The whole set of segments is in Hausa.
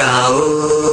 哦。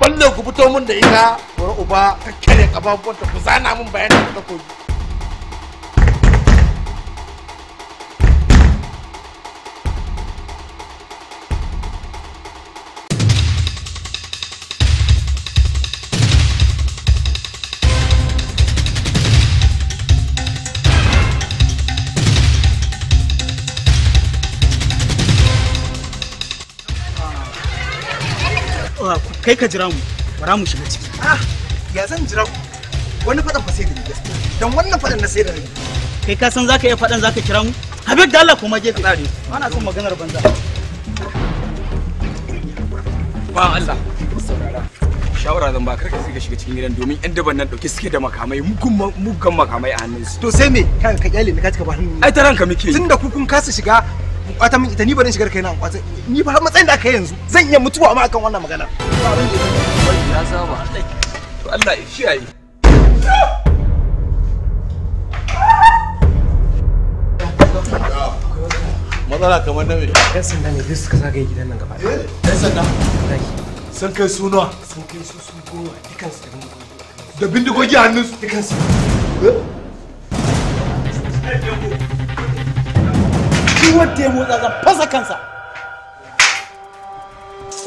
ballo ku fito mun da ita, wani uba kakkare ƙafafuwanta ku zana min bayanin da kuka koyi. kai ka jira mu bara mu shiga ciki ah ya zan jira ku wani fadan fa sai da gaskiya dan wannan fadan na sai da ni kai ka san zaka iya fadan zaka kira mu habib da Allah kuma ka tsare ana son maganar banza ba Allah shawara zan ba kar ka shiga shiga cikin gidan domin yan daban nan dauke suke da makamai mugun makamai a hannunsu to sai me kan ka kyale ni ka cika ba hannu ai ta ranka muke tunda ku kun kasa shiga kwata min ita ni barin shigar kaina kwata ni ba matsayin da aka yanzu zan iya mutuwa ma akan wannan magana ya saba to Allah ya kiyaye matsala kamar na me yan sanda ne duk suka zagaye gidan nan gaba ɗaya eh, yan sanda sun kai su nawa sun kai su su goma dukansu da bindigogi da bindigogi a hannunsu dukansu eh? duk wanda ya motsa zan fasa kansa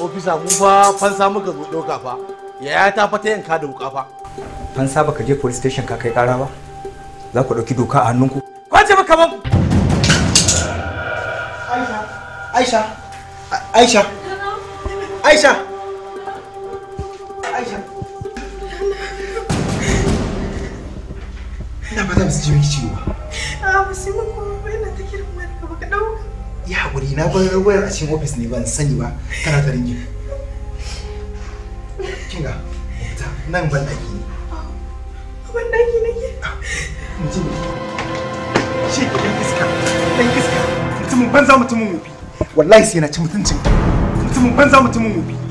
ofisa mu fa fansa muka zo ɗauka fa yaya ta fata yanka da wuka fa fansa baka je police station ka kai kara ba za ku ɗauki doka a hannunku kwace maka ba aisha aisha aisha aisha aisha ina ba za mu ji miki ciwo ba a ba sai mun kuma ba ina ta kiran wani ka baka dauka ya hakuri na bar wayar a cikin office ne ban sani ba kana ta ringi kinga ta nan ban daki ne ban daki nake mu ji shi ɗan dan iska dan iska mutumin banza mutumin wofi wallahi sai na ci mutuncin mutumin banza mutumin wofi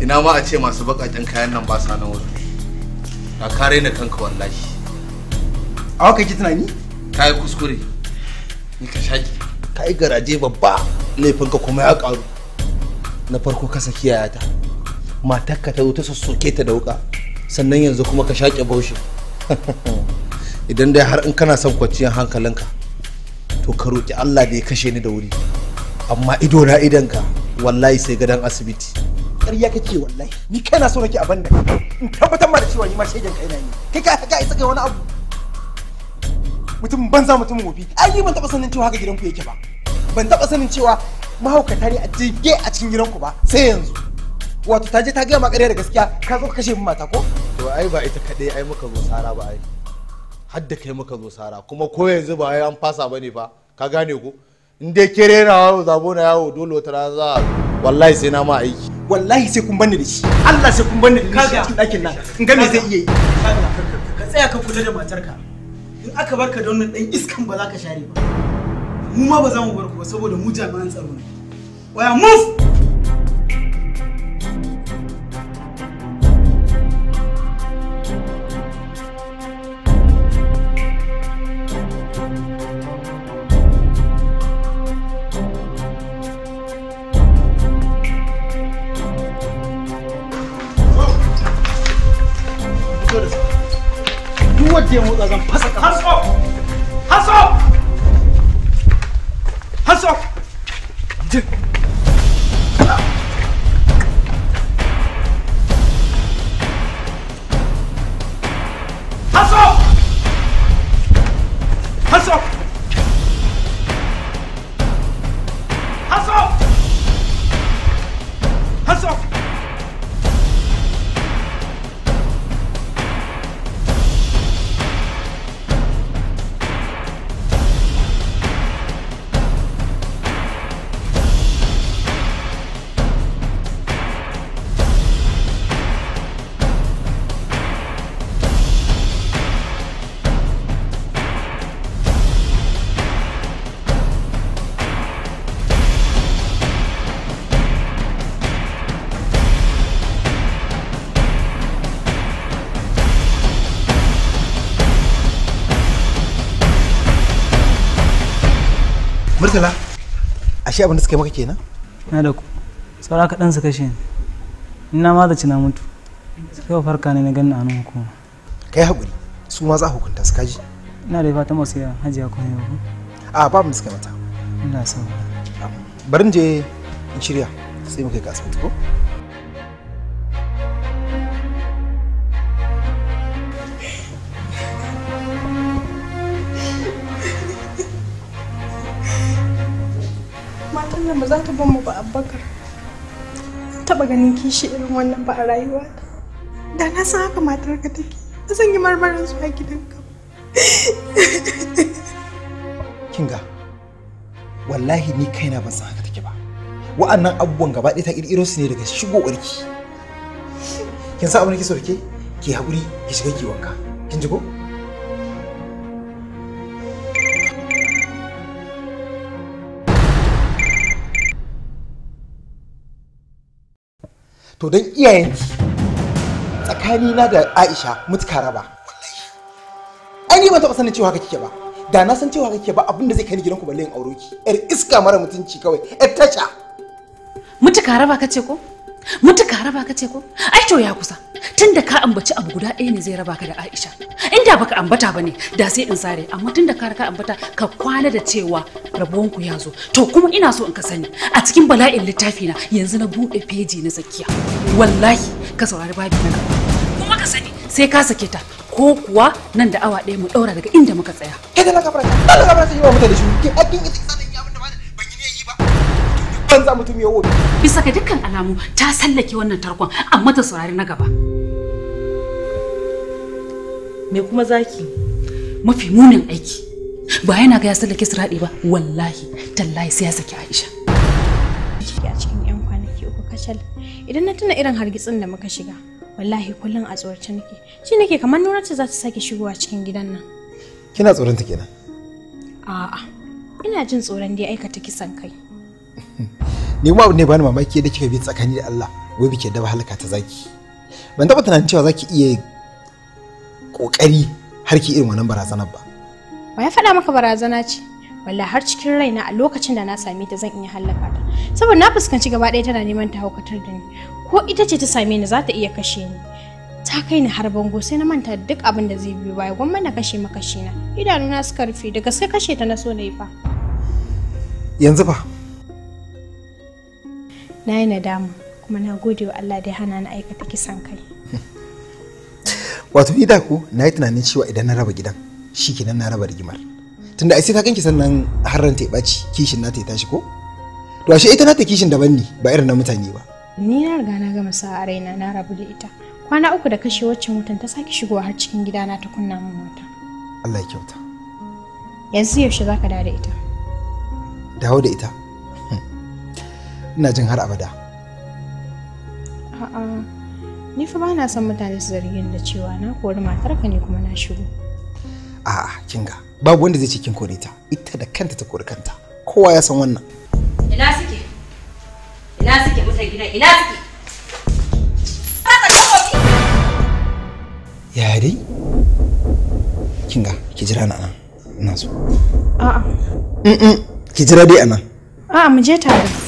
ina ma a ce masu bakaken kayan nan ba sa na wurin ka kare na kanka wallahi a waka ki tunani ka yi kuskure ni ka shaki ka yi garaje babba laifinka kuma ya karu na farko ka saki yayata ka ta ta sassoke ta da wuka sannan yanzu kuma ka shaƙe baushe idan dai har in kana son kwanciyar hankalinka to ka roƙi allah da ya kashe ni da wuri amma ido na idanka wallahi sai gadon asibiti ƙarya kake wallahi ni kai na so nake abin da in tabbatar ma da cewa ni ma shaidan kai na ne kai ka ka isa kai wani abu mutum banza mutum gobe ai ni ban taba sanin cewa haka gidanku yake ba ban taba sanin cewa mahaukata ne a jige a cikin gidanku ba sai yanzu wato ta je ta gaya ma ƙarya da gaskiya ka zo ka kashe min mata ko to ai ba ita kaɗai ai muka zo sara ba ai har da kai muka zo sara kuma ko yanzu ba ai an fasa bane fa ka gane ko in dai kere na zabo na yawo dole wata rana za wallahi sai na ma aiki wallahi sai kun banni da shi Allah sai kun banni da shi cikin ɗakin nan in ga me zai iya yi ka tsaya ka kula da matarka in aka barka da wannan dan iskan ba za ka share ba mu ma ba za mu barku ba saboda mu jami'an tsaro ne waya move sake motsa zan fasa burtula ashe abin da suka yi maka kenan na da ku saura kaɗan su kashe ni na ma zaci na mutu sai wa farka ne na ganin anu nan hukuma kai haƙuri su ma za ku hukunta su kaji ina da fatan masu yawa hajiya ko ne ku a ba mu suka mata ina so bari je in shirya sai mu kai ka asibiti ko za ta mu ba abubakar taba ganin kishi irin wannan ba a rayuwa da na san haka matar ka take ba zan yi marmarin zuwa gidanka kinga wallahi ni kaina ban san haka take ba wa'annan abubuwan gaba ɗaya ta ƙirƙiro su ne daga shigo ɓarki kin san abin da ke so ke ki haƙuri ki shiga ki wanka kin ji ko to don iyayenki tsakani na da aisha mutuka raba an yi ban taɓa sanin cewa kake ba da na san cewa kake ba abin da zai kai ni gidanku balle in aure ki yar iska mara mutunci kawai yar tasha mutuka raba kace ko mutuka raba ka ce ko ai to ya kusa tunda ka ambaci abu guda ɗaya ne zai raba ka da Aisha inda baka ambata ba ne da sai in sare amma tunda ka raka ambata ka kwana da cewa rabuwan ya zo to kuma ina so in ka sani a cikin bala'in littafi na yanzu na buɗe feji na zakiya wallahi ka saurari babi na kuma ka sani sai ka sake ta ko kuwa nan da awa ɗaya mu ɗaura daga inda muka tsaya kai da na kafara da fara sai yi wa mutane shi ke akin ita banza mutum ya wuce. bisa ga dukkan alamu ta sallake wannan tarkon amma ta saurari na gaba me kuma zaki mafi munin aiki ba yana ga ya sallake su raɗi ba wallahi tallahi sai ya saki aisha a cikin yan kwanaki uku kacal idan na tuna irin hargitsin da muka shiga wallahi kullum a tsorace nake shi nake kamar nuna ta za ta sake shigowa cikin gidan nan kina tsoron ta kenan a'a ina jin tsoron dai aikata kisan kai ni kuma abu ne bani mamaki da kika bi tsakani da Allah wai bike da halaka ta zaki ban taba tunanin cewa zaki iya kokari har ki irin wannan barazanar ba wa ya faɗa maka barazana ce walla har cikin raina a lokacin da na same ta zan iya hallaka ta saboda na fuskanci gaba ɗaya tana neman ta haukatar da ni ko ita ce ta same ni za ta iya kashe ni ta kai ni har bango sai na manta duk abin da zai biyo baya gwamma na kashe shi na idanuna suka rufe da gaske kashe ta na so na yi fa yanzu fa na yi nadama kuma na gode wa Allah da hana na aikata kisan kai wato ni da ku na yi tunanin cewa idan na raba gidan shi kenan na raba rigimar tunda ai sai ta kanki sannan har ran ta ɓaci kishin na ta tashi ko to ashe ita na ta kishin daban ne ba irin na mutane ba ni na riga na gama sa a raina na rabu da ita kwana uku da kashe wacce mutan ta sake shigowa har cikin gidana ta kunna min mota Allah ya kyauta yanzu yaushe zaka dawo da ita dawo da ita ina jin har abada a'a ni fa ba na son mutane su zargin da cewa na kori matarka ne kuma na shigo a'a kinga babu wanda zai ce kin kore ta ita da kanta ta kori kanta kowa ya san wannan ina suke ina suke mutan gida ina suke ya kinga ki jira na nan ina so a'a ki jira dai a nan a'a mu je tare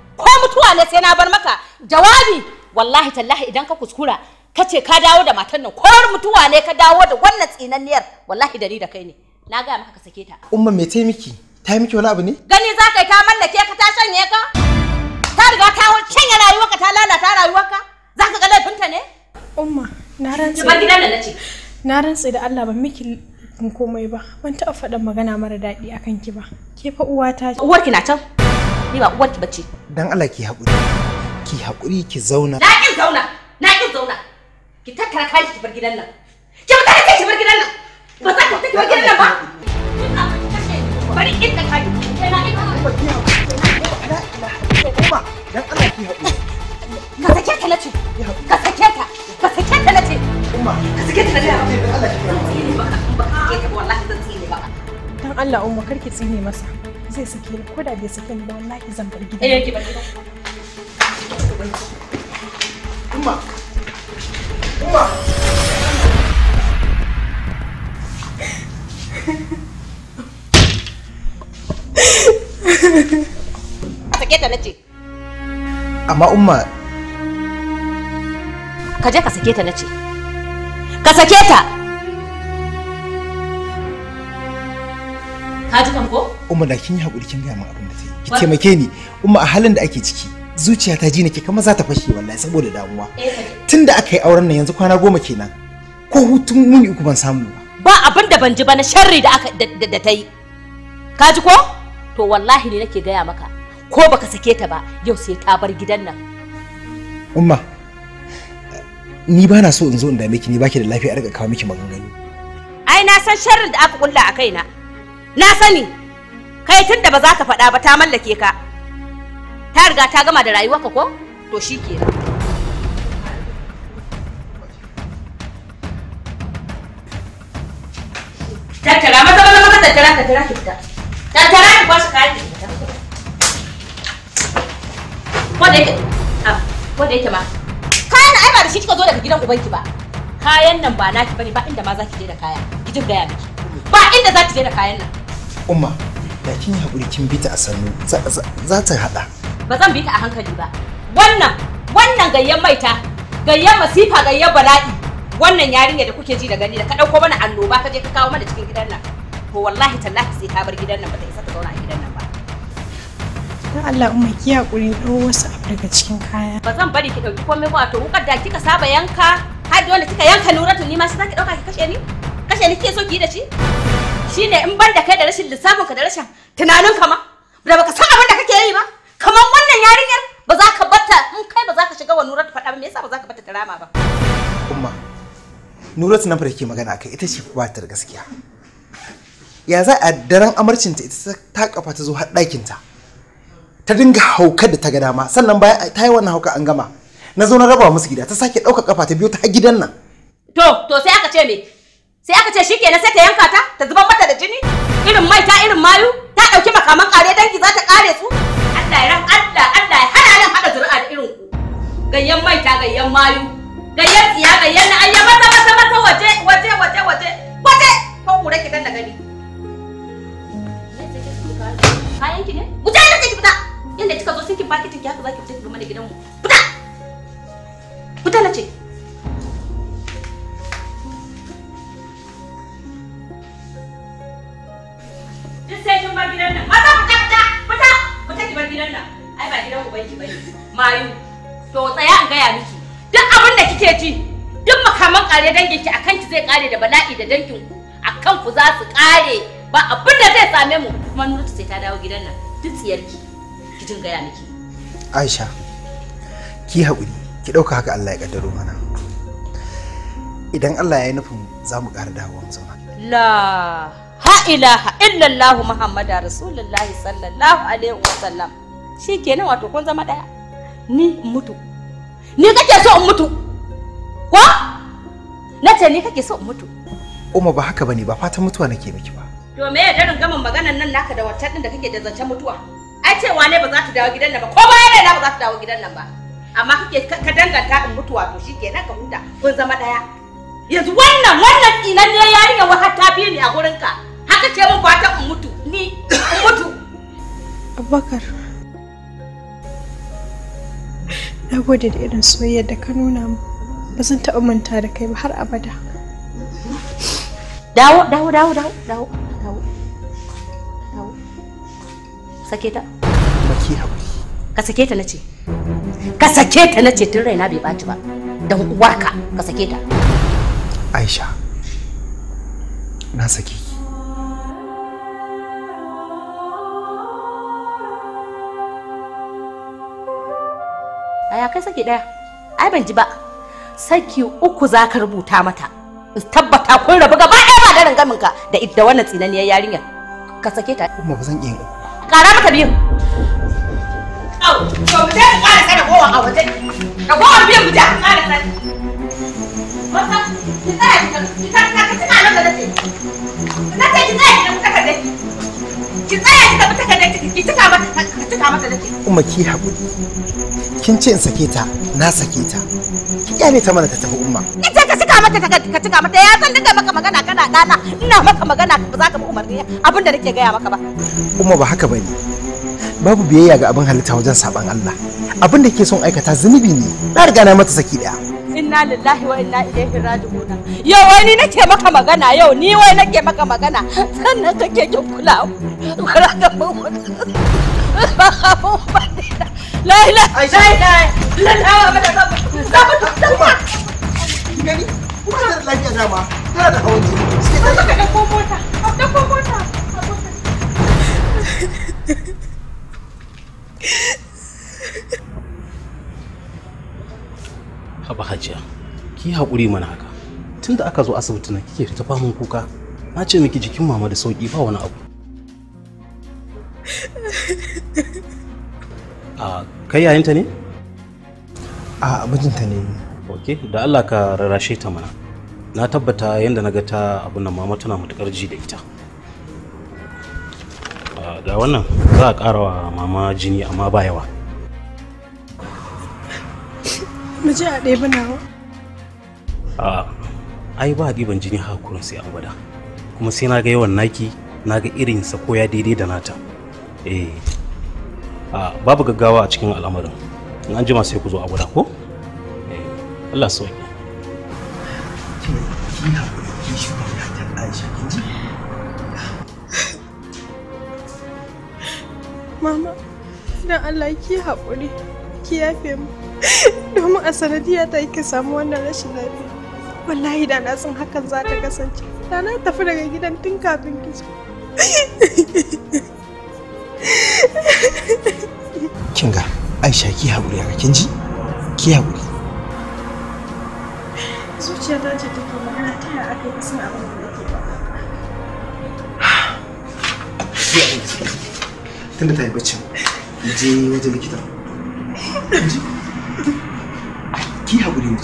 ko mutuwa ne sai na bar maka jawabi wallahi tallahi idan ka kuskura ka ce ka dawo da matan nan ko mutuwa ne ka dawo da wannan tsinanniyar wallahi dari da kai ne na ga maka ka sake ta umma me tai miki tai miki wani abu ne gani za ka ta mallake ka ta shanye ka ta riga ta shanye rayuwarka ta lalata rayuwarka za ka ga ta ne umma na rantsi ba gidan nan nace na rantsi da Allah ban miki komai ba ban taɓa faɗan magana mara daɗi akan ki ba ke fa uwata uwarki na can ni ba uwarki bace dan Allah ki haƙuri ki haƙuri ki zauna na ki zauna na ki zauna ki tattara kai ki bar gidan nan ki ba kai ki bar gidan nan ba za ki tattara bar gidan nan ba bari inda kaji kai na ina ki haƙuri dan Allah ki haƙuri ka sake ta nace ka sake ta ka sake ta nace umma ka sake ta nace dan Allah ki haƙuri ba ka ba ka wallahi zan tsine ba Allah umma karki tsine masa zai sake ni ko da bai sake ni ba wallahi zan bar gidan. Eh ki bar gidan. Umma. Umma. sake ta nace. Amma Umma Ka je ka sake ta nace. Ka sake ta! Ka kan ko? Umma da kin yi haƙuri kin gaya min abin da ta yi. Ki taimake ni. Umma a halin da ake ciki zuciya ta ji nake kamar za ta fashe wallahi saboda damuwa. Eh, Tunda aka yi auren nan yanzu kwana goma kenan. Ko hutun muni uku ban samu ba. Ba abin ban ji ba na sharri da aka da ta yi. Ka ko? To wallahi ne nake gaya maka. Ko baka sake ta ba yau sai ta bar gidan nan. Umma ni ba na so in zo in dame ki ni baki da lafiya a kawo miki maganganu. Ai na san sharrin da aka kulla a kaina na sani kai tun da ba za ka faɗa ba ta mallake ka ta riga ta gama da rayuwarka ko to shi kenan tattara mata mata mata tattara ka tara ki fita tattara ki kwashe kayan ki fita ko da yake ah, ko da yake ma kayan ai ba da shi kika zo daga gidan ubanki ba kayan nan ba naki bane ba inda ma za ki je da kaya ki jin gaya miki ba inda za ki je da kayan nan umma da kin haƙuri kin bita a sannu za ta haɗa ba zan bi ta a hankali ba wannan wannan gayyan maita gayyan masifa gayyan bala'i wannan yarinya da kuke ji da gani da ka ɗauko mana annoba ka je ka kawo mana cikin gidan nan to wallahi tallahi sai ka bar gidan nan ba ta isa ka zauna a gidan nan ba dan Allah umma ki hakuri ɗau wasu abu daga cikin kaya ba zan bari ki ɗauki komai ba to wukar da kika saba yanka har da wanda kika yanka nuratu ni ma sai ki ɗauka ki kashe ni kashe ni kike so ki yi da shi shine in ban da kai da rashin lissafin ka da rashin tunanin ka ma da baka san abin da kake yi ba kamar wannan yarinyar ba za ka bata in kai ba za ka shiga wa ta faɗa ba me yasa ba za ka bata drama ba umma Nurat nan fa da ke magana kai ita ce ba ta gaskiya ya za a daren amarcinta ita ta kafa ta zo har dakin ta ta dinga haukar da ta ga dama sannan bayan ta yi wannan hauka an gama na zo na raba musu gida ta sake ɗauka kafa ta biyo ta gidan nan to to sai aka ce me sai aka ce shikenan sai ta yanka ta ta zuba mata da jini irin mai ta irin mayu ta dauki makaman kare dangi za ta kare su Allah ya ran Allah Allah ya hana nan hada zuri'a da irin ku gayyan mai ta gayyan mayu gayyan tsiya gayyan na ayya mata mata mata waje waje waje waje waje ko ku rake dan da gani kayan ki ne wuce ne ki fita inda kika zo sai ki ki haka zaki fita ki gama da gidanmu fita fita na ce mayu to tsaya an gaya miki duk abin da kike ji duk makaman kare dangin ki akan ki zai kare da bala'i da dangin ku akan ku za su kare ba abin da zai same mu kuma nuru sai ta dawo gidan nan duk tsiyarki ki jin gaya miki Aisha ki haƙuri ki ɗauka haka Allah ya kaddaro mana idan Allah ya yi nufin za mu ƙara dawowa mu zauna la ha ilaha illallah muhammadu rasulullahi sallallahu alaihi wasallam shi kenan wato kun zama ɗaya ni in mutu ni kake so in mutu ko na ce ni kake so in mutu Umma ba haka bane ba fatan mutuwa nake miki ba to me ya darin gaman maganar nan naka da wata din da kake da zancen mutuwa ai ce ne ba za ta dawo gidan nan ba ko bayan rai na ba za ta dawo gidan nan ba amma kake ka danganta in mutuwa to shikenan ka huta kun zama daya yanzu wannan wannan dinan ne yarinya wata ta biyu ne a gurinka haka ce mun fatan in mutu ni in mutu Abubakar na gode da irin soyayyar da ka nuna mu ba zan taɓa manta da kai ba har abada dawo dawo dawo dawo dawo dawo dawo sake ta maki hakuri ka sake ta nace ka sake ta nace tun raina bai baci ba dan uwarka ka sake ta aisha na saki ya kai saki ɗaya ai ban ji ba saki uku za ka rubuta mata tabbata kun rabu gaba ɗaya ba da rangamin ka da idda wannan tsinaniyar yarinyar ka sake ta kuma ba zan iya kara mata biyu to mu a waje ragowar biyu mu je mu ƙara tsara masa ki tsaya ki tsaya ki tsaya ki tsaya ki tsaya ki tsaya ki Ituka mata ka tuka mata ke. kuma ki haƙuri. Kin ce in sake ta, na sake ta. Ki kyale ta mana ta tafi umma. Ita ka tuka mata ka tuka mata ya san dinga maka magana kana dana. Ina maka magana ba za ka bi umarni abin da nake gaya maka ba. Umma ba haka bane. Babu biyayya ga abin halitta wajen saban Allah. Abin da ke son aikata zunubi ne. Na riga na mata saki daya. inna lillahi wa inna ilaihi raji'un yau wai ni nake maka magana yau ni wai nake maka magana sannan kake kin kula kula mu la la gani kuma da lafiya tana da hawan jini sai ka ga ko mota ko mota fa hajiya ki haƙuri mana haka tunda aka zo asibiti na kike ta mun kuka na ce miki jikin mama da sauki ba wani abu a kai ta ne a ta ne Okay, da allah ka rarashe ta mana na tabbata yadda na ga ta abin nan mama tana matukar ji da ita ga wannan za a ƙara wa mama jini amma ba yawa mu je a ɗebi nawa a ai ba ɗiban jini haka kurin sai an gwada kuma sai na ga yawan naki na ga irin sa ko ya daidai da nata eh a babu gaggawa a cikin al'amarin in an jima sai ku zo a gwada ko eh, Allah sauki Mama, don Allah ki haƙuri, ki yafe mu. domin a sanadiyar ta yake samu wannan rashin lafiya wallahi da na san hakan za ta kasance da na tafi daga gidan tun kafin ki zo ga aisha ki haƙuri a kin ji ki haƙuri zuciya ta ce ta kama magana ta yaya aka yi san abin da nake ba tunda ta yi bacci je wajen likita haƙuri mu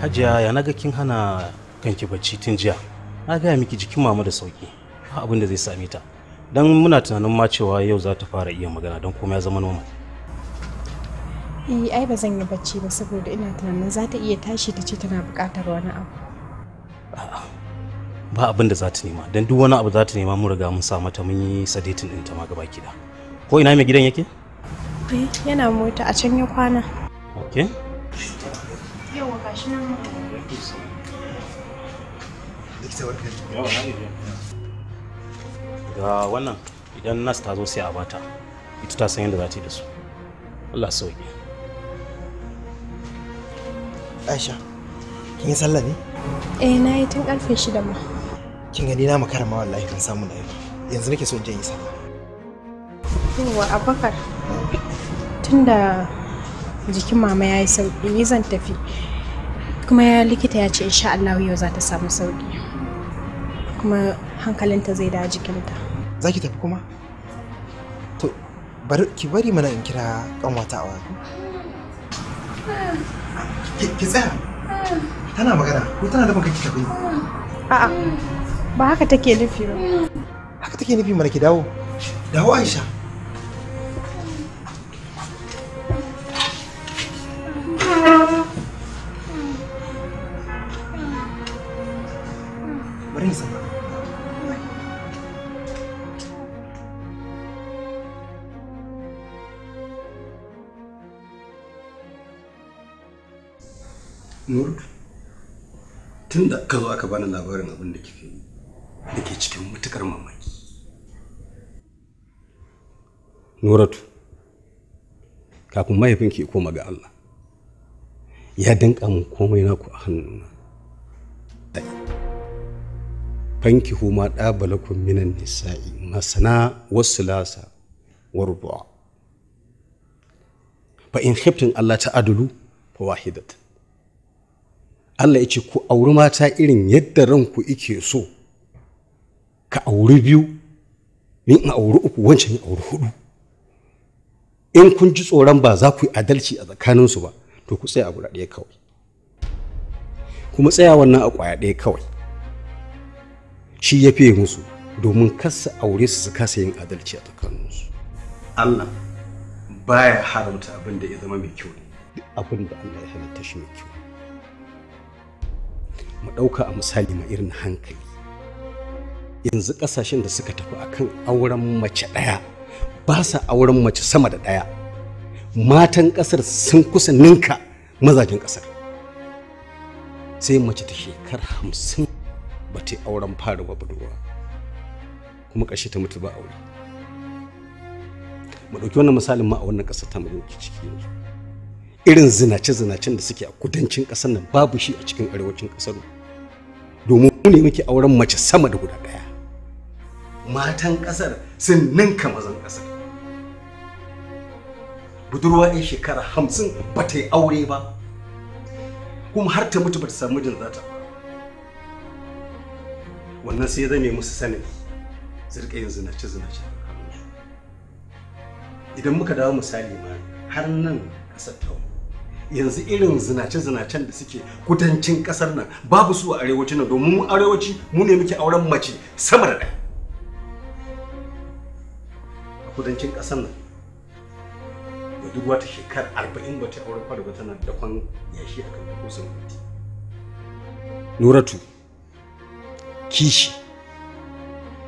hajiya ya naga kin hana kanki bacci tun jiya na gaya miki jikin mama da sauki ba abin da zai same ta don muna tunanin ma cewa yau za ta fara iya magana don komai ya zama normal eh ai ba zan yi bacci ba saboda ina tunanin za ta iya tashi ta ce tana buƙatar wani abu a'a ba abin da za ta nema don duk wani abu za ta nema mu riga mun sa mata mun yi sadetin din ta ma gaba kida ko ina mai gidan yake eh yana mota a can ya kwana okay yawa gashi nan ga wannan idan nas ta zo sai a bata ita ta san yadda za ta yi da su Allah sauki Aisha kin yi sallah ne eh na yi tun karfe shida ma kin gani na makara ma wallahi kan samu na yanzu nake so in je yi sallah yawa abakar tunda jikin mama ya yi sauki ni zan tafi kuma ya likita ya ce insha Allah yau za ta samu sauki kuma hankalinta zai da jikinta za ki tafi kuma to bari ki bari mana in kira kan a awa ki tsaya tana magana ko tana da baka ki tafi a'a ba haka take nufi ba haka take nufi mana ki dawo dawo aisha Nur, tun da zo aka bani labarin abin da kike yi, da ke cikin matukar mamaki nuratu kafin mahaifin ke koma ga allah ya danka mun komai naku a hannuna fanki huma kun minan nisa'i masana wasu lasa warbuwa fa in khiftin allah ta adulu fa wahidat. Allah ya ku auri mata irin yadda ranku ike so ka auri biyu ni in auri uku wancan ya auri hudu in kun ji tsoron ba za ku yi adalci a tsakaninsu ba to ku tsaya a guda ɗaya kawai kuma tsaya wannan a ƙwaya ɗaya kawai shi ya fiye musu domin kasa aure su su kasa yin adalci a tsakaninsu Allah baya haramta abin da ya zama mai kyau ne abin da Allah ya halitta shi mai kyau mu ɗauka a misali mai irin hankali yanzu ƙasashen da suka tafi akan auren mace ɗaya ba sa auren mace sama da ɗaya matan ƙasar sun kusa ninka mazajen ƙasar sai mace ta shekar hamsin ba ta auren fara ba budurwa kuma ƙarshe ta mutu ba aure mu ɗauki wannan misalin ma a wannan ƙasar ta mu ciki yanzu irin zinace-zinacen da suke a kudancin ƙasar nan babu shi a cikin arewacin ƙasar domin ne muke auren mace sama da guda ɗaya matan ƙasar sun ninka mazan ƙasar budurwa 'yan shekara hamsin ba ta yi aure ba kuma har ta mutu ba ta samu jin zata wannan sai zame musu sanadi yanzu na yin zinace zinace idan muka dawo misali ma har nan ƙasar ta yanzu irin zinace zinacen da suke kudancin ƙasar nan babu su a arewaci nan domin mu arewaci mu ne muke auren mace sama da ɗaya kudancin ƙasar nan da duk wata shekar arba'in ba ta auren fara ba tana da kwan yashi a kan kusan kuti. Nuratu, kishi,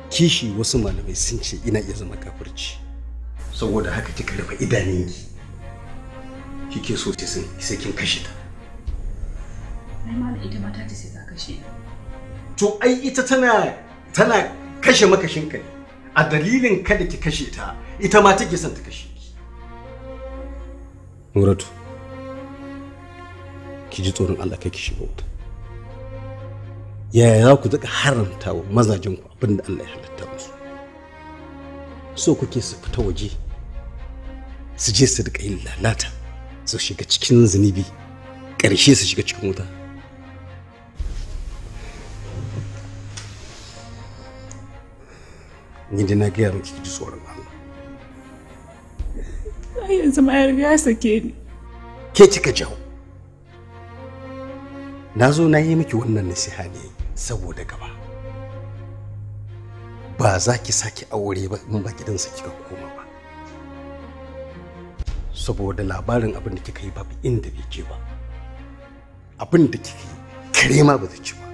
kishi wasu malamai sun ce ina iya zama kafirci. Saboda haka kika rufe ki kike so sai kin kashe ta. ita mata ce sai ta kashe. To ai ita tana tana kashe makashin kai. a dalilin kada ki kashe ta ita ma take son ta kashe ki Muratu ki ji tsoron Allah kai ki shiga wuta yaya za ku zaka haramta wa mazajen ku abin Allah ya halatta musu so kuke su fita waje su je su rika yin lalata su shiga cikin zunubi ƙarshe su shiga cikin wuta ni da na gaya miki ji tsoron Allah yanzu ma ya riga sake ni ke kika jawo na zo na yi miki wannan nasiha ne saboda gaba ba za ki sake aure ba in ba gidansa kika koma ba saboda labarin abin da kika yi babu inda bai je ba abin da kika yi kare ma ba zai ci ba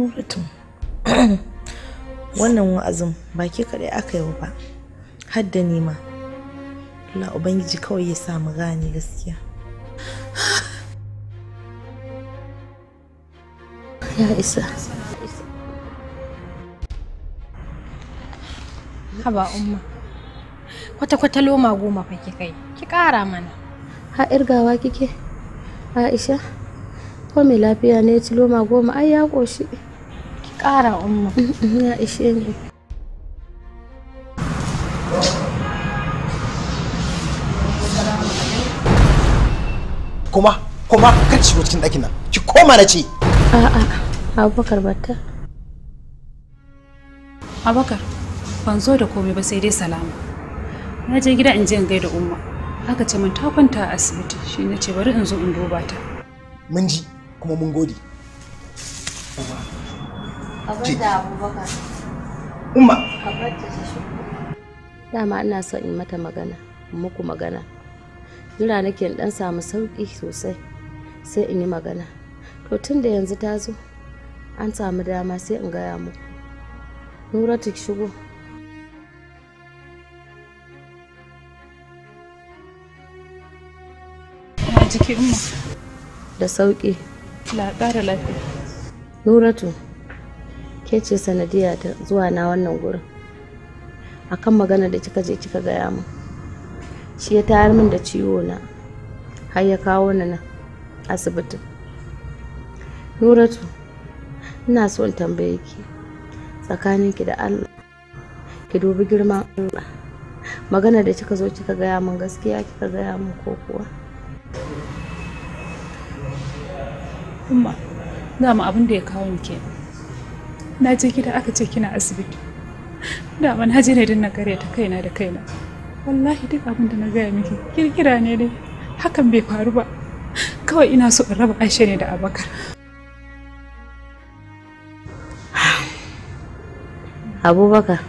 wannan wa'azin ba ke kaɗai aka yi ba har da nema Allah Ubangiji kawai ya mu gane gaskiya ya isa haba umma kwata-kwata loma goma fa ke kai ki ƙara mana ha irgawa kike aisha ko mai lafiya ne ci loma goma ai ya ƙoshi ƙara umma Ya ishe ni kuma kuma kar shigo cikin ɗakin nan ki koma na ce a'a abubakar batta abubakar ban zo da komai ba sai dai salama na je gida in je in gaida umma aka ce min ta kwanta a asibiti shi na ce bari in zo in duba ta mun ji kuma mun gode Umma. Dama ina so in mata magana, muku magana. Jira nake in dan samu sauki sosai sai in yi magana. To tun da yanzu ta zo an samu dama sai in gaya muku. ta shigo. jiki umma. Da sauki. La ƙara lafiya. Nuratu. ke ce sanadiyya ta zuwa na wannan gurin a kan magana da kika je kika gaya min shi ya tayar min da ciwo na har ya kawo ni nan asibitin nuratu ina so in tambaye ki tsakaninki da allah ki dubi girman allah magana da kika zo kika gaya min gaskiya kika gaya min ko kuwa ma dama abin da ya kawo ke na je gida aka ce kina asibiti da na je ne din na kare ta kaina da kaina wallahi duk abin da na gaya miki kirkira ne dai hakan bai faru ba kawai ina so in raba aisha ne da abakar abubakar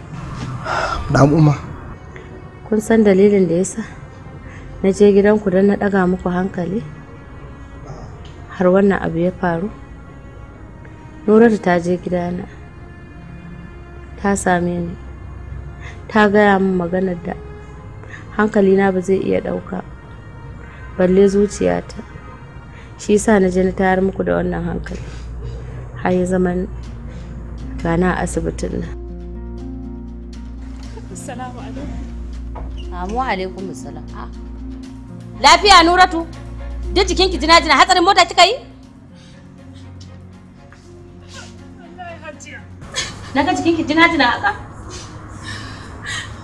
na'am umma kun san dalilin da yasa na je gidanku don na ɗaga muku hankali har wannan abu ya faru nurar ta je gidana ta same ni ta gaya min maganar da hankalina ba zai iya ɗauka balle zuciyata shi sa na je na tayar muku da wannan hankali har ya zaman gana a asibitin nan assalamu alaikum amu ah, alaikum ah. lafiya nuratu duk jikinki jina jina hatsarin mota kika yi Naga jikin ki jina jina haka?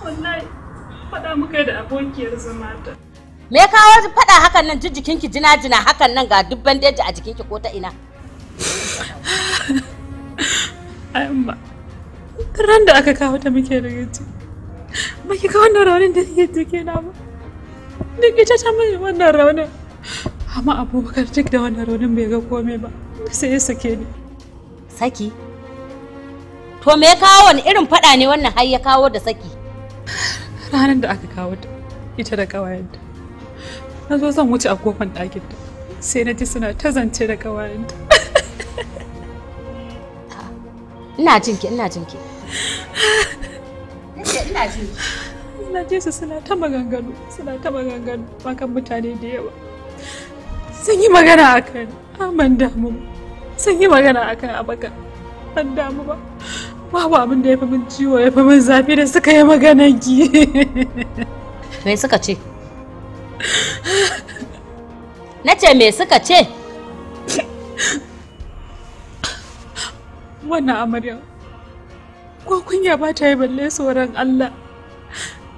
Wallahi faɗa muka da abokiyar zama ta. Me kawo faɗa hakan nan ji jikin ki jina jina hakan nan ga dubban bandeji a jikin ki ko ta ina? Ayamma. Ran da aka kawo ta muke da yanzu Baki ka wannan raunin da yake jike na ba. Duk ita ta mai wannan raunin. Amma Abubakar duk da wannan raunin bai ga komai ba. Sai ya sake ni. Saki? To me ya kawo wani irin fada ne wannan har ya kawo da saki? Ranar da aka kawo ta ita da kawayenta Na zo zan wuce a kofan ɗakin ta. Sai na ji suna ta zance da kawayenta. Ina jinki, ina jinki. Ina jinki. Na ji su suna ta maganganu, suna ta maganganu bakan mutane da yawa. Sun yi magana a kan aman damu. Sun yi magana a kan abakan. damu ba. babu abin da ya fi min ciwo ya fi min zafi da suka yi maganan ki me suka ce na ce me suka ce wannan amarya ko kunya ba ta yi balle tsoron allah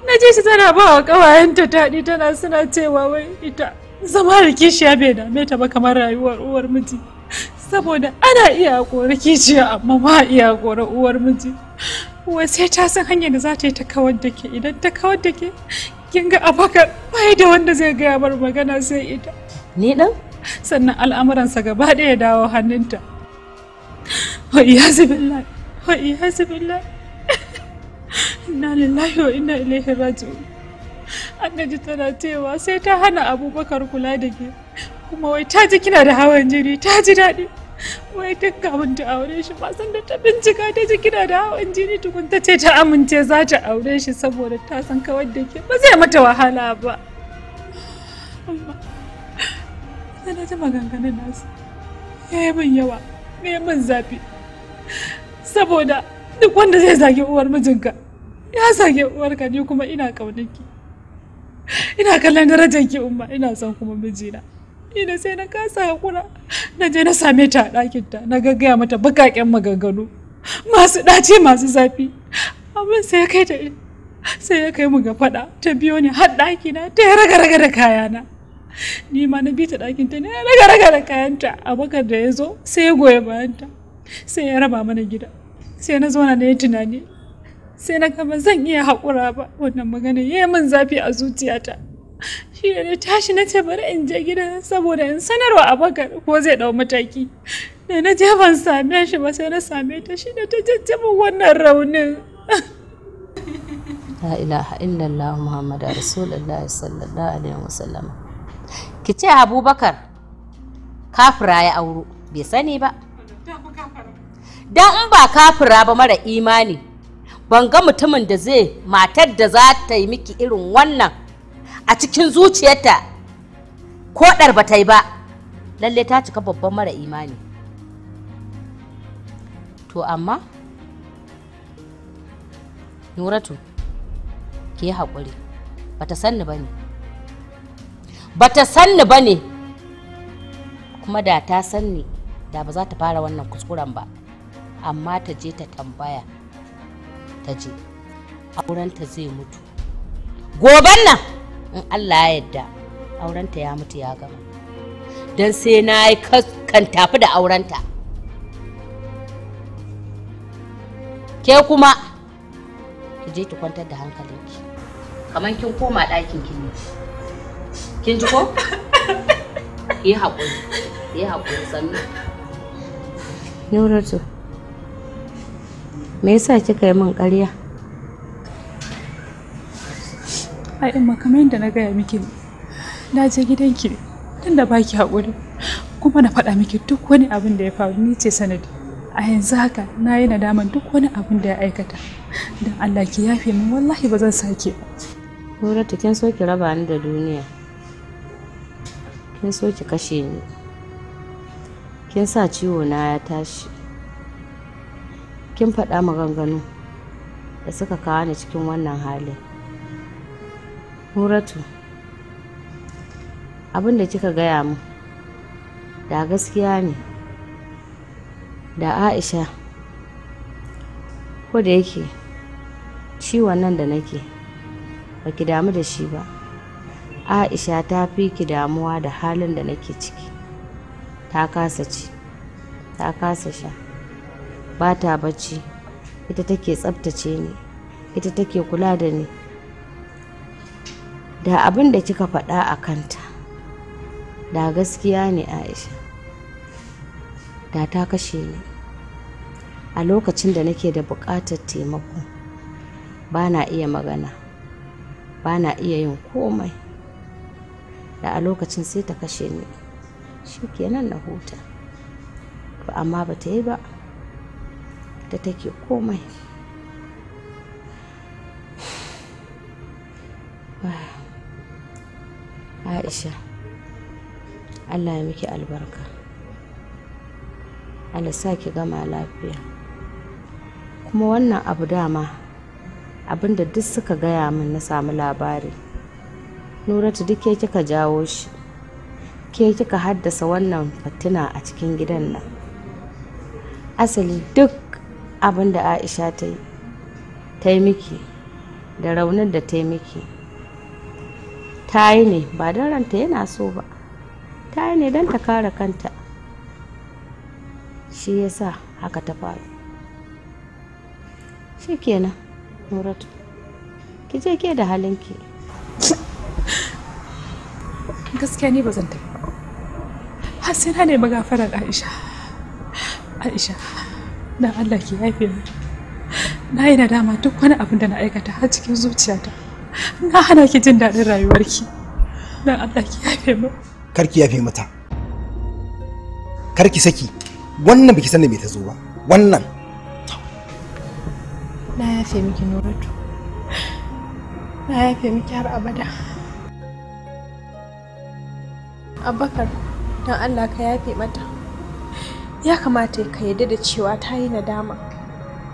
na ji shi tana ba wa ƙawayenta daɗi tana suna cewa wai ita zama da kishiya bai dame ta ba kamar rayuwar uwar miji saboda ana iya kori kijiya amma ba iya kori uwar miji wai sai ta san hanyar da za ta yi ta kawar da ke idan ta kawar da ke kin ga abakar bai da wanda zai gaya bar magana sai ita ni dan sannan al'amuransa gaba ɗaya dawo hannunta wa iyazu billahi wa iyazu billahi inna lillahi wa inna ilaihi raji'un annaji tana cewa sai ta hana abubakar kula da ke kuma wai ta ji kina da hawan jini ta ji daɗi wai duk mun ta aure shi ba san da ta bincika ta ji kina da hawan jini tukun ta ce ta amince za ta aure shi saboda ta san kawar da ke ba zai mata wahala ba sai na ji maganganun nasu ya yi min yawa ya yi min zafi saboda duk wanda zai zage uwar mijinka ya zage uwarka ni kuma ina ƙaunarki ina kallon darajar ki umma ina son kuma mijina ina sai na kasa hakura na je na same ta a ɗakinta na gaggaya mata bakaƙen maganganu masu ɗaci masu zafi abin sai ya kai ta sai ya kai mu ga faɗa ta biyo ni har ɗakina ta ya raga raga da kayana ni ma na bi ta ɗakinta ne raga raga da kayanta abakar da ya zo sai ya goya bayanta sai ya raba mana gida sai na zauna na yi tunani sai na kama zan iya hakura ba wannan magana ya yi min zafi a zuciyata shi da tashi na ce bari in je gida saboda in sanarwa abakar ko zai dau mataki da na je ban same shi ba sai na same ta shi da ta jajjaba wannan raunin la ilaha illallah muhammadu rasulullahi sallallahu alaihi wasallam ki ce abubakar kafira ya auro bai sani ba dan in ba kafira ba mara imani ban ga mutumin da zai matar da za ta yi miki irin wannan a cikin zuciyarta ko ɗar ba ta yi ba lalle ta cika babban mara imani to amma nuratu ke haƙuri ba ta sanni ba ne ba ta sanni ba kuma da ta sanni da ba za ta fara wannan kuskuren ba amma ta je ta tambaya ta je ta zai mutu Goban nan in Allah ya yarda aurenta ya mutu ya gama don sai na yi kan tafi da aurenta ke kuma ki je ki kwantar da hankalinki kamar kin koma ɗakin ki ne kin ji ko yi haƙuri yi haƙuri sannu Nuratu, me yasa kika yi min ƙarya? ai amma kamar yadda na gaya miki na je gidanki tun da baki haƙuri kuma na faɗa miki duk wani abin da ya faru ni ce sanadi a yanzu haka na yi nadaman duk wani abin da ya aikata don Allah ki yafe min wallahi ba zan sake ba kin so ki raba ni da duniya kin so ki kashe ni kin sa ciwo na ya tashi kin faɗa maganganu da suka kawo ni cikin wannan halin Huratu, abin da kika gaya mu, da gaskiya ne, da Aisha, ko da yake ciwon nan da nake, ba ki damu da shi ba, Aisha ta fi ki damuwa da halin da nake ciki, ta kasa ci, ta kasa sha, ba ta bacci, ita take tsabtace ni, ita take kula da ni. da abin da kika faɗa a kanta da gaskiya ne aisha da ta kashe ni a lokacin da nake da buƙatar taimako ba na iya magana ba na iya yin komai da a lokacin sai ta kashe ni shi kenan na huta ba amma ba ta yi ba da take komai aisha allah ya miki albarka allah sa ki gama lafiya kuma wannan abu dama abinda duk suka gaya min na samu labari nuratu duk ke kika jawo shi ke kika haddasa wannan fatina a cikin gidan nan asali duk abinda aisha ta yi miki da raunin da ta miki ta yi ne ba don ranta yana so ba ta yi ne don ta kare kanta shi ya sa haka ta faru shi kenan muratu ki je ke da halinki gaskiya ni ba zan tafi har sai na nemi gafarar aisha aisha na allah ki haife ni na yi nadama duk wani abin da na aikata har cikin zuciyata na hana ki jin daɗin rayuwarki dan Allah ki yafe mu kar ki yafe mata kar ki saki wannan biki sanin me ta zo ba wannan na yafe miki nuratu na yafe miki har abada abakar don allah ka yafe mata ya kamata ka yarda da cewa ta yi nadama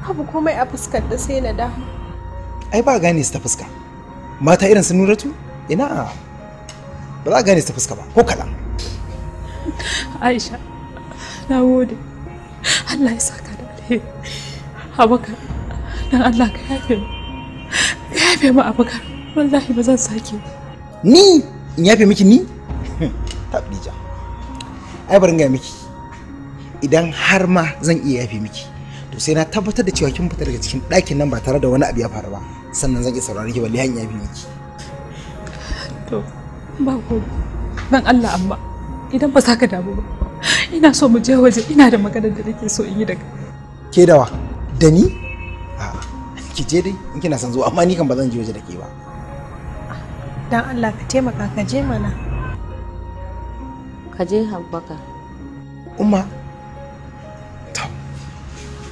babu komai a fuskar da sai nadama ai ba gane su ta fuska mata irin su nuratu ina ba za a gane su fuska ba ko kala aisha na gode allah ya saka da alheri don allah ka yafe mu ka yafe mu abakar wallahi ba zan sake ni in yafe miki ni tablija ai bari gaya miki idan har ma zan iya yafe miki to sai na tabbatar da cewa kin fita daga cikin ɗakin nan ba tare da wani abu ya faru ba sannan zan iya saurare ki balle hanya biyu ki to ba ko dan Allah amma idan ba za ka damu ba ina so mu je waje ina da maganar da nake so in yi daga ke dawa da ni a'a ki je dai in kina son zuwa amma ni kan ba zan je waje da ke ba dan Allah ka taimaka ka je mana ka je habbaka umma to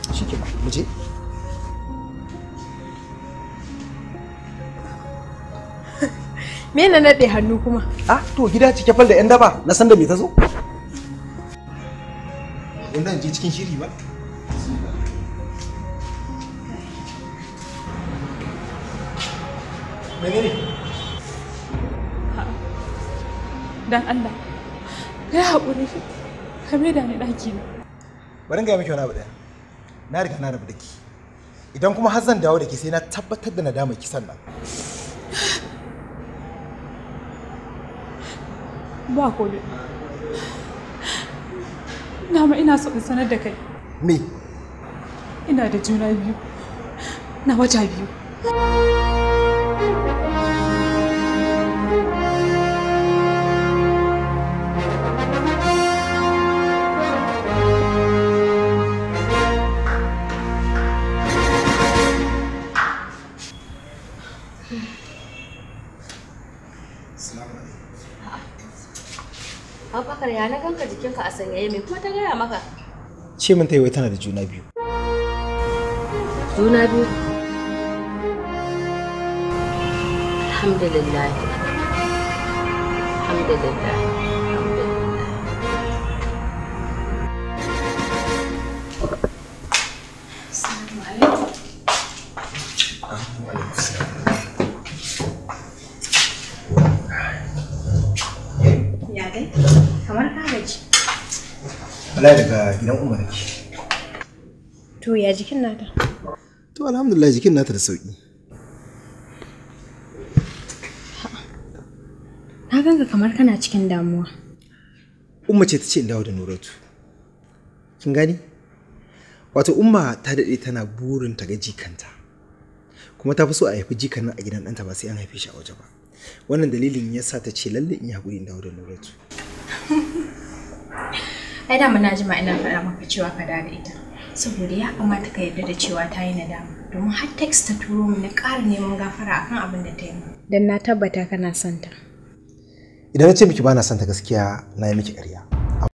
shi ke ba mu je Me na naɗe hannu kuma? Ah, to gida ci fal da 'yan daba na san da me ta zo. Wannan je cikin shiri ba? Menene? Dan Allah, kai hakuri haƙuri, ka da ni daki na. Bari ga miki wani abu ɗaya. Na riga na rabu da ki. Idan kuma har zan dawo da ki sai na tabbatar da nadama kisan nan. ba komai dama ina so in sanar da kai me ina da juna biyu na wata biyu ya na ganka jikinka a sanyaye me kuma ta gaya maka ce min ta yi tana da juna biyu juna biyu alhamdulillah alhamdulillah Wala daga gidan Umar ke. To ya jikin nata? To alhamdulillah jikin nata da sauki. Na ganka kamar kana cikin damuwa. Umma ce ta ce in dawo da Nuratu. Kin gani? Wato Umma ta daɗe tana burin ta ga jikanta. Kuma ta fi so a haifi jikanin a gidan ɗanta ba sai an haife shi a waje ba. Wannan dalilin ya sa ta ce lallai in yi haƙuri in dawo da Nuratu. ai dama na jima ina faɗa maka cewa ka da ita saboda ya kamata ka yarda da cewa ta yi nadama domin har text ta turo mu na ƙara neman gafara akan abin da ta yi dan na tabbata kana son ta idan na ce miki ba na son ta gaskiya na yi miki ƙarya